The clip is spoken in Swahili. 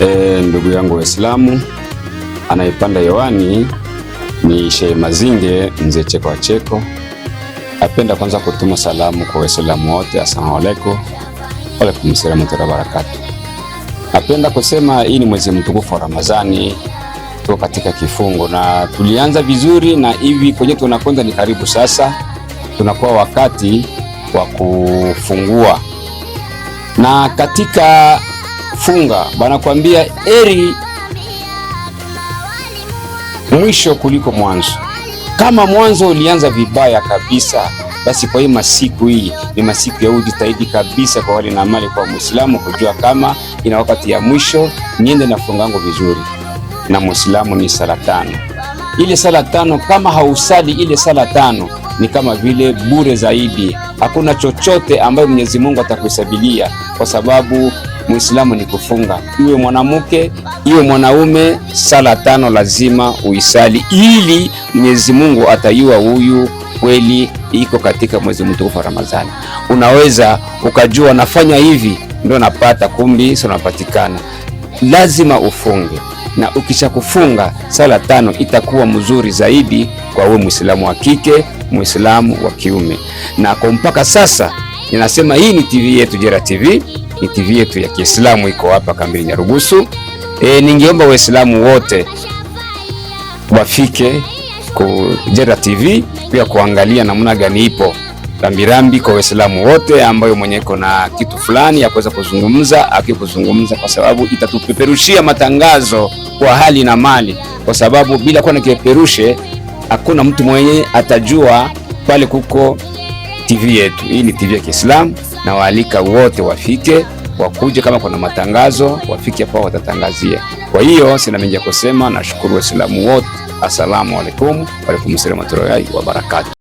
E, ndugu yangu Waislamu, anayepanda hewani ni Sheikh Mazinge mzee Cheko wa Cheko. Napenda kwanza kutuma salamu kwa Waislamu wote, asalamu alaykum. Waalaikum salaam wa barakatuh. Napenda kusema hii ni mwezi mtukufu wa Ramadhani, tuko katika kifungo na tulianza vizuri, na hivi kwenye tunakwenda ni karibu sasa, tunakuwa wakati wa kufungua na katika funga, banakwambia eri mwisho kuliko mwanzo. Kama mwanzo ulianza vibaya kabisa, basi kwa hii masiku hii ni masiku ya ujitahidi kabisa, kwa wale na amali, kwa Muislamu kujua kama ina wakati ya mwisho, niende na fungango vizuri. Na Muislamu ni sala tano, ile sala tano kama hausali ile sala tano ni kama vile bure zaidi. Hakuna chochote ambayo Mwenyezi Mungu atakuhesabilia kwa sababu Muislamu ni kufunga, iwe mwanamke iwe mwanaume, sala tano lazima uisali, ili Mwenyezi Mungu atayua huyu kweli iko katika mwezi mtukufu wa Ramadhani. Unaweza ukajua nafanya hivi ndio napata, kumbi sio napatikana. Lazima ufunge, na ukishakufunga sala tano itakuwa mzuri zaidi kwa wewe Muislamu wa kike, Muislamu wa kiume. Na kwa mpaka sasa ninasema hii ni TV yetu Jera TV ni TV yetu ya Kiislamu iko hapa kambi Nyarugusu. E, ningeomba Waislamu wote wafike kujera TV pia kuangalia namna gani ipo rambirambi kwa Waislamu wote ambayo mwenye iko na kitu fulani ya kuweza kuzungumza akikuzungumza, kwa sababu itatupeperushia matangazo kwa hali na mali, kwa sababu bila kuwa na kipeperushe hakuna mtu mwenye atajua pale kuko TV yetu. Hii ni TV ya Kiislamu na waalika wote wafike wakuje, kama kuna matangazo wafike hapo watatangazia. Kwa hiyo sina mengi ya kusema, nashukuru Waislamu wote. Asalamu alaikum, wa alaykum wa rahmatullahi wa barakatuh.